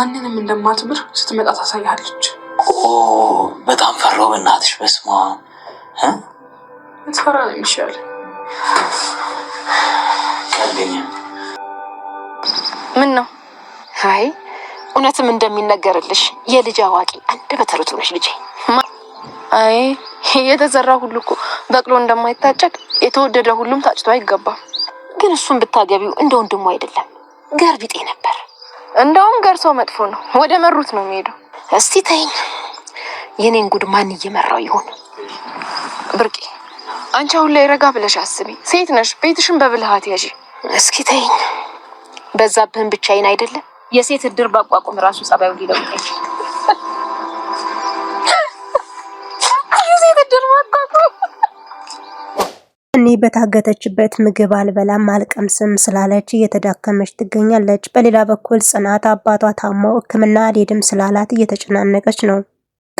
ማንንም እንደማትምር ስትመጣ ታሳያለች። በጣም ፈሮ በእናትሽ በስማ ትፈራ ነው የሚሻል ምን ነው? አይ እውነትም እንደሚነገርልሽ የልጅ አዋቂ አንድ በተረቱ ነሽ ልጄ። አይ የተዘራ ሁሉ እኮ በቅሎ እንደማይታጨቅ የተወደደ ሁሉም ታጭቶ አይገባም። ግን እሱን ብታገቢው እንደ ወንድሙ አይደለም ገርቢጤ ነበር። እንደውም ገርሶ መጥፎ ነው። ወደ መሩት ነው የሚሄደው። እስቲ ተይኝ፣ የኔን ጉድ ማን እየመራው ይሆን? ብርቄ አንቺ አሁን ላይ ረጋ ብለሽ አስቢ። ሴት ነሽ፣ ቤትሽን በብልሃት ያዢ። እስኪ ተይኝ፣ በዛብህን ብቻዬን አይደለም። የሴት እድር ባቋቁም ራሱ ጸባዩ ሊለውጥ እኔ በታገተችበት ምግብ አልበላም አልቀምስም ስላለች እየተዳከመች ትገኛለች። በሌላ በኩል ጽናት አባቷ ታማው ሕክምና አልሄድም ስላላት እየተጨናነቀች ነው።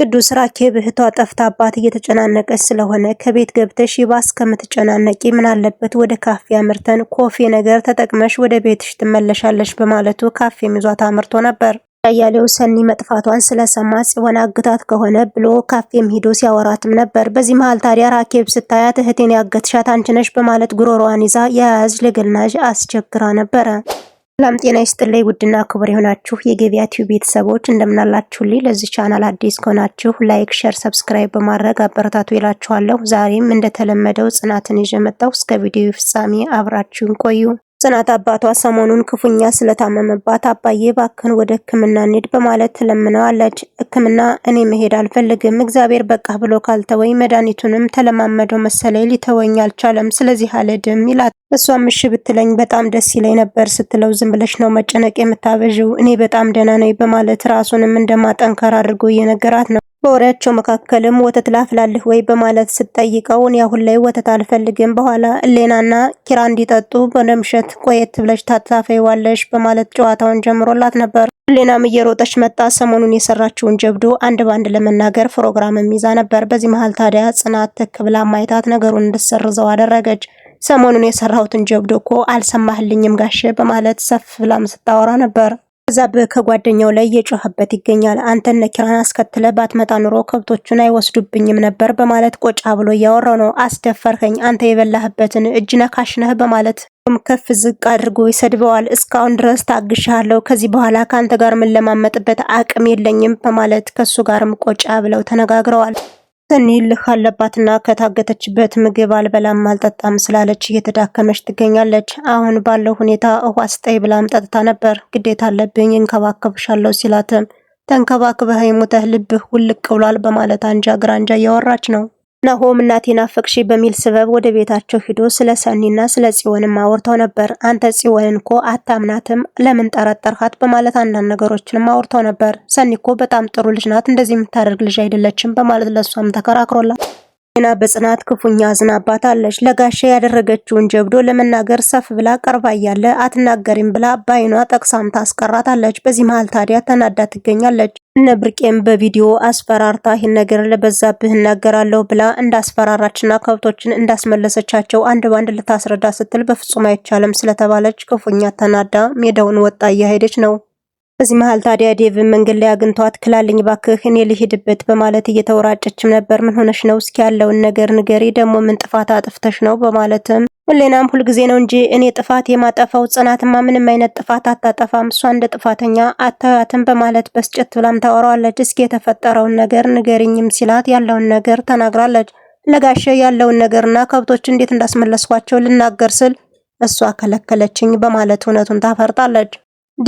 ቅዱስ ራኬብ እህቷ ጠፍታ አባት እየተጨናነቀች ስለሆነ ከቤት ገብተሽ ይባስ ከምትጨናነቂ ምን አለበት ወደ ካፌ አምርተን ኮፌ ነገር ተጠቅመሽ ወደ ቤትሽ ትመለሻለሽ በማለቱ ካፌም ይዟት አምርቶ ነበር። አያሌው ሰኒ መጥፋቷን ስለሰማ ጽዮን አግታት ከሆነ ብሎ ካፌም ሂዶ ሲያወራትም ነበር። በዚህ መሀል ታዲያ ራኬብ ስታያት እህቴን ያገትሻት አንቺ ነሽ በማለት ጉሮሮዋን ይዛ የያዝ ልግልናዥ አስቸግራ ነበረ። ሰላም ጤና ይስጥልኝ ውድና ክቡር የሆናችሁ የገበያ ቲዩብ ቤተሰቦች እንደምናላችሁልኝ። ለዚህ ቻናል አዲስ ከሆናችሁ ላይክ፣ ሸር፣ ሰብስክራይብ በማድረግ አበረታቱ ይላችኋለሁ። ዛሬም እንደተለመደው ጽናትን ይዤ መጣሁ። እስከ ቪዲዮ ፍጻሜ አብራችሁን ቆዩ። ጽናት አባቷ ሰሞኑን ክፉኛ ስለታመመባት አባዬ ባክን ወደ ሕክምና እንሂድ በማለት ትለምነዋለች። ሕክምና እኔ መሄድ አልፈልግም፣ እግዚአብሔር በቃ ብሎ ካልተወኝ መድኃኒቱንም ተለማመደው መሰለኝ ሊተወኝ አልቻለም፣ ስለዚህ አልሄድም ይላት። እሷም እሺ ብትለኝ በጣም ደስ ይለኝ ነበር ስትለው ዝም ብለሽ ነው መጨነቅ የምታበዥው፣ እኔ በጣም ደህና ነኝ በማለት ራሱንም እንደማጠንከር አድርጎ እየነገራት ነው። በወሬያቸው መካከልም ወተት ላፍላልህ ወይ በማለት ስትጠይቀው እኔ አሁን ላይ ወተት አልፈልግም፣ በኋላ ሌናና ኪራ እንዲጠጡ በነምሸት ቆየት ብለሽ ታታፈይዋለሽ በማለት ጨዋታውን ጀምሮላት ነበር። እሌናም እየሮጠች መጣ። ሰሞኑን የሰራችውን ጀብዱ አንድ ባንድ ለመናገር ፕሮግራምም ይዛ ነበር። በዚህ መሀል ታዲያ ጽናት ትክ ብላ ማይታት ነገሩን እንድሰርዘው አደረገች። ሰሞኑን የሰራሁትን ጀብዱ እኮ አልሰማህልኝም ጋሼ በማለት ሰፍ ብላም ስታወራ ነበር። በዛብህ ከጓደኛው ላይ እየጮኸበት ይገኛል። አንተነ ኪራን አስከትለ ባትመጣ ኑሮ ከብቶቹን አይወስዱብኝም ነበር በማለት ቆጫ ብሎ እያወራው ነው። አስደፈርከኝ፣ አንተ የበላህበትን እጅ ነካሽ ነህ በማለት ከፍ ዝቅ አድርጎ ይሰድበዋል። እስካሁን ድረስ ታግሻለሁ፣ ከዚህ በኋላ ከአንተ ጋር ምን ለማመጥበት አቅም የለኝም በማለት ከሱ ጋርም ቆጫ ብለው ተነጋግረዋል። ሰኒ ልህ አለባትና ከታገተችበት ምግብ አልበላም አልጠጣም ስላለች እየተዳከመች ትገኛለች። አሁን ባለው ሁኔታ ውሃ ስጠኝ ብላም ጠጥታ ነበር። ግዴታ አለብኝ እንከባከብሻለሁ ሲላትም ተንከባክበህ የሞተህ ልብህ ውልቅ ብሏል በማለት አንጃ ግራንጃ እያወራች ነው። ናሆም እናቴን ናፈቅሽ በሚል ስበብ ወደ ቤታቸው ሂዶ ስለ ሰኒና ስለ ጽዮንም አውርተው ነበር። አንተ ጽዮንን እኮ አታምናትም፣ ለምን ጠረጠርሃት? በማለት አንዳንድ ነገሮችንም አውርተው ነበር። ሰኒ እኮ በጣም ጥሩ ልጅ ናት፣ እንደዚህ የምታደርግ ልጅ አይደለችም በማለት ለእሷም ተከራክሮላት ና በጽናት ክፉኛ አዝናባታለች። ለጋሼ ያደረገችውን ጀብዶ ለመናገር ሰፍ ብላ ቀርባ እያለ አትናገሪም ብላ ባይኗ ጠቅሳም ታስቀራታለች። በዚህ መሀል ታዲያ ተናዳ ትገኛለች። ነብርቄም በቪዲዮ አስፈራርታ ይህን ነገር ለበዛብህ እናገራለሁ ብላ እንዳስፈራራችና ከብቶችን እንዳስመለሰቻቸው አንድ ባንድ ልታስረዳ ስትል በፍጹም አይቻልም ስለተባለች ክፉኛ ተናዳ ሜዳውን ወጣ እያሄደች ነው። በዚህ መሀል ታዲያ ዴቭ መንገድ ላይ አግኝቷት ክላልኝ ባክህ እኔ ልሂድበት በማለት እየተወራጨችም ነበር። ምን ሆነሽ ነው? እስኪ ያለውን ነገር ንገሪ፣ ደግሞ ምን ጥፋት አጥፍተሽ ነው? በማለትም ሁሌናም ሁልጊዜ ነው እንጂ እኔ ጥፋት የማጠፋው ጽናትማ ምንም አይነት ጥፋት አታጠፋም፣ እሷ እንደ ጥፋተኛ አታያትም በማለት በስጭት ብላም ታወራዋለች። እስኪ የተፈጠረውን ነገር ንገርኝም ሲላት ያለውን ነገር ተናግራለች። ለጋሸ ያለውን ነገርና ከብቶች እንዴት እንዳስመለስኳቸው ልናገር ስል እሷ ከለከለችኝ በማለት እውነቱን ታፈርጣለች።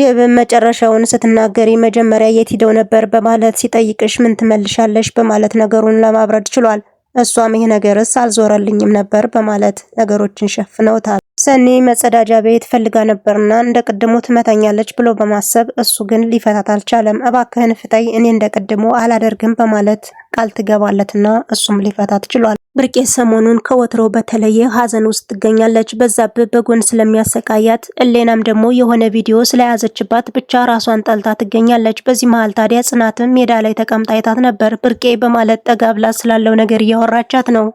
ዴብ መጨረሻውን ስትናገሪ መጀመሪያ የት ሂደው ነበር በማለት ሲጠይቅሽ ምን ትመልሻለሽ በማለት ነገሩን ለማብረድ ችሏል። እሷም ይህ ነገርስ አልዞረልኝም ነበር በማለት ነገሮችን ሸፍነውታል። ሰኒ መጸዳጃ ቤት ፈልጋ ነበርና እንደ ቅድሙ ትመታኛለች ብሎ በማሰብ እሱ ግን ሊፈታት አልቻለም። እባክህን ፍታይ፣ እኔ እንደ ቅድሙ አላደርግም በማለት ቃል ትገባለትና እሱም ሊፈታት ችሏል። ብርቄ ሰሞኑን ከወትሮ በተለየ ሀዘን ውስጥ ትገኛለች። በዛብህ በጎን ስለሚያሰቃያት፣ እሌናም ደግሞ የሆነ ቪዲዮ ስለያዘችባት ብቻ ራሷን ጠልታ ትገኛለች። በዚህ መሀል ታዲያ ጽናትም ሜዳ ላይ ተቀምጣ አይታት ነበር። ብርቄ በማለት ጠጋ ብላ ስላለው ነገር እያወራቻት ነው።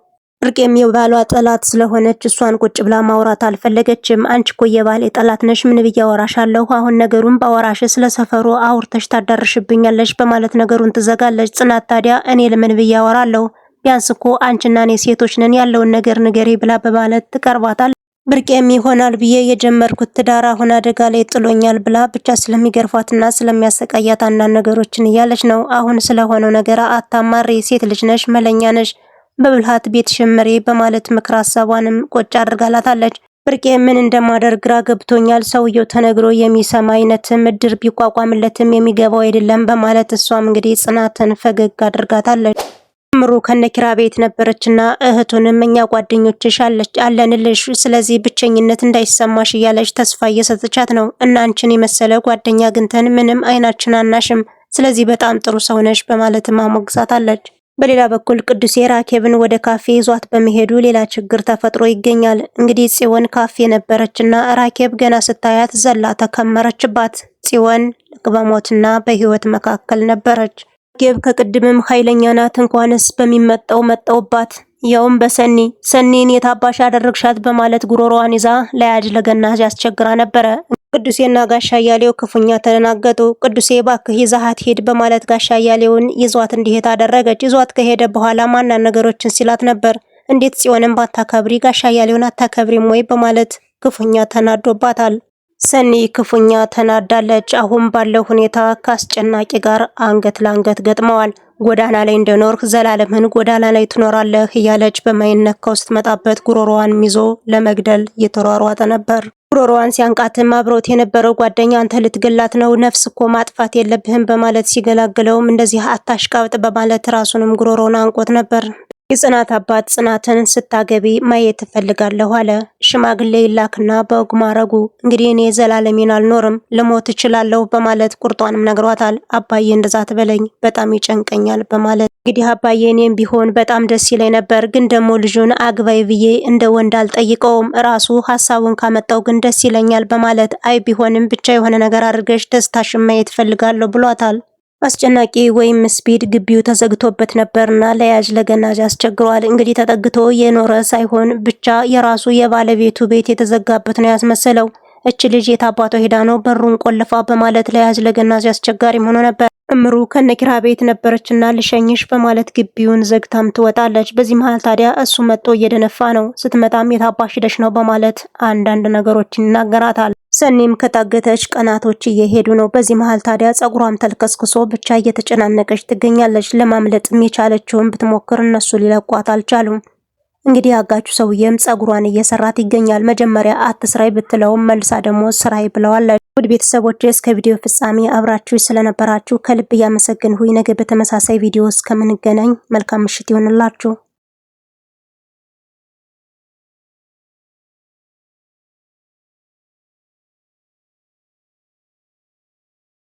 ብርቄም የባሏ ጠላት ስለሆነች እሷን ቁጭ ብላ ማውራት አልፈለገችም። አንቺ እኮ የባሌ ጠላት ነሽ፣ ምን ብዬ አወራሻለሁ? አሁን ነገሩን ባወራሽ ስለ ሰፈሩ አውርተሽ ታዳርሽብኛለች በማለት ነገሩን ትዘጋለች። ጽናት ታዲያ እኔ ለምን ብዬ አወራለሁ ቢያንስ እኮ አንቺና እኔ ሴቶች ነን ያለውን ነገር ንገሬ ብላ በማለት ትቀርባታል። ብርቄም ይሆናል ብዬ የጀመርኩት ትዳር አሁን አደጋ ላይ ጥሎኛል ብላ ብቻ ስለሚገርፏትና ስለሚያሰቃያት አንዳንድ ነገሮችን እያለች ነው። አሁን ስለሆነው ነገር አታማሪ፣ ሴት ልጅ ነሽ፣ መለኛ ነሽ፣ በብልሃት ቤት ሽምሬ በማለት ምክር ሀሳቧንም ቆጭ አድርጋላታለች። ብርቄ ምን እንደማደርግ ግራ ገብቶኛል፣ ሰውየው ተነግሮ የሚሰማ አይነትም እድር ቢቋቋምለትም የሚገባው አይደለም በማለት እሷም እንግዲህ ጽናትን ፈገግ አድርጋታለች። ምሩ ከነኪራ ቤት ነበረችና እህቱንም እኛ ጓደኞችሽ አለንልሽ፣ ስለዚህ ብቸኝነት እንዳይሰማሽ እያለች ተስፋ እየሰጠቻት ነው። እናንችን የመሰለ ጓደኛ ግንተን ምንም አይናችን አናሽም፣ ስለዚህ በጣም ጥሩ ሰው ነሽ በማለትም አለች። በሌላ በኩል ቅዱሴ ራኬብን ወደ ካፌ ይዟት በመሄዱ ሌላ ችግር ተፈጥሮ ይገኛል። እንግዲህ ጽዮን ካፌ ነበረችና ራኬብ ገና ስታያት ዘላ ተከመረችባት። ጽዮን በሞትና በህይወት መካከል ነበረች። ጌብ ከቅድምም ኃይለኛ ናት። እንኳንስ በሚመጣው መጣውባት ያውም በሰኒ ሰኒን የታባሽ አደረግሻት በማለት ጉሮሮዋን ይዛ ላይ ለገና ያስቸግራ ነበረ። ቅዱሴና ጋሻ ያሌው ክፉኛ ተደናገጡ። ቅዱሴ ባክህ ይዛሃት ሄድ በማለት ጋሻ ያሌውን ይዟት እንዲሄድ አደረገች። ይዟት ከሄደ በኋላ ማናን ነገሮችን ሲላት ነበር። እንዴት ጽዮንን ባታከብሪ ጋሻ ያሌውን አታከብሪም ወይ በማለት ክፉኛ ተናዶባታል። ሰኒ ክፉኛ ተናዳለች። አሁን ባለው ሁኔታ ከአስጨናቂ ጋር አንገት ለአንገት ገጥመዋል። ጎዳና ላይ እንደኖርህ ዘላለምን ጎዳና ላይ ትኖራለህ እያለች በማይነካው ስትመጣበት ጉሮሮዋን ይዞ ለመግደል እየተሯሯጠ ነበር። ጉሮሮዋን ሲያንቃትም አብሮት የነበረው ጓደኛ አንተ ልትገላት ነው፣ ነፍስ እኮ ማጥፋት የለብህም በማለት ሲገላግለውም እንደዚህ አታሽቃብጥ በማለት ራሱንም ጉሮሮውን አንቆት ነበር። የጽናት አባት ጽናትን ስታገቢ ማየት እፈልጋለሁ አለ። ሽማግሌ ይላክና በወግ ማረጉ እንግዲህ እኔ ዘላለሚን አልኖርም ልሞት እችላለሁ በማለት ቁርጧንም ነግሯታል። አባዬ እንደዛ ትበለኝ በጣም ይጨንቀኛል በማለት እንግዲህ አባዬ እኔም ቢሆን በጣም ደስ ይለኝ ነበር፣ ግን ደግሞ ልጁን አግባይ ብዬ እንደ ወንድ አልጠይቀውም ራሱ ሀሳቡን ካመጣው ግን ደስ ይለኛል በማለት አይ ቢሆንም ብቻ የሆነ ነገር አድርገሽ ደስታሽን ማየት እፈልጋለሁ ብሏታል። አስጨናቂ ወይም ስፒድ ግቢው ተዘግቶበት ነበርና ለያዥ ለገናዥ አስቸግሯል። እንግዲህ ተጠግቶ የኖረ ሳይሆን ብቻ የራሱ የባለቤቱ ቤት የተዘጋበት ነው ያስመሰለው። እች ልጅ የታባቷ ሄዳ ነው በሩን ቆልፋ በማለት ለያዝ ለገናዥ አስቸጋሪ ሆኖ ነበር። እምሩ ከነኪራ ቤት ነበረችና ልሸኝሽ በማለት ግቢውን ዘግታም ትወጣለች። በዚህ መሀል ታዲያ እሱ መጥቶ እየደነፋ ነው። ስትመጣም የታባሽ ሂደሽ ነው በማለት አንዳንድ ነገሮች ይናገራታል። ሰኔም ከታገተች ቀናቶች እየሄዱ ነው። በዚህ መሀል ታዲያ ጸጉሯም ተልከስክሶ ብቻ እየተጨናነቀች ትገኛለች። ለማምለጥም የቻለችውን ብትሞክር እነሱ ሊለቋት አልቻሉም። እንግዲህ አጋቹ ሰውዬም ጸጉሯን እየሰራት ይገኛል። መጀመሪያ አትስራይ ብትለውም መልሳ ደግሞ ስራይ ብለዋለች። ውድ ቤተሰቦች እስከ ቪዲዮ ፍጻሜ አብራችሁ ስለነበራችሁ ከልብ እያመሰገንሁ ነገ በተመሳሳይ ቪዲዮ እስከምንገናኝ መልካም ምሽት ይሆንላችሁ።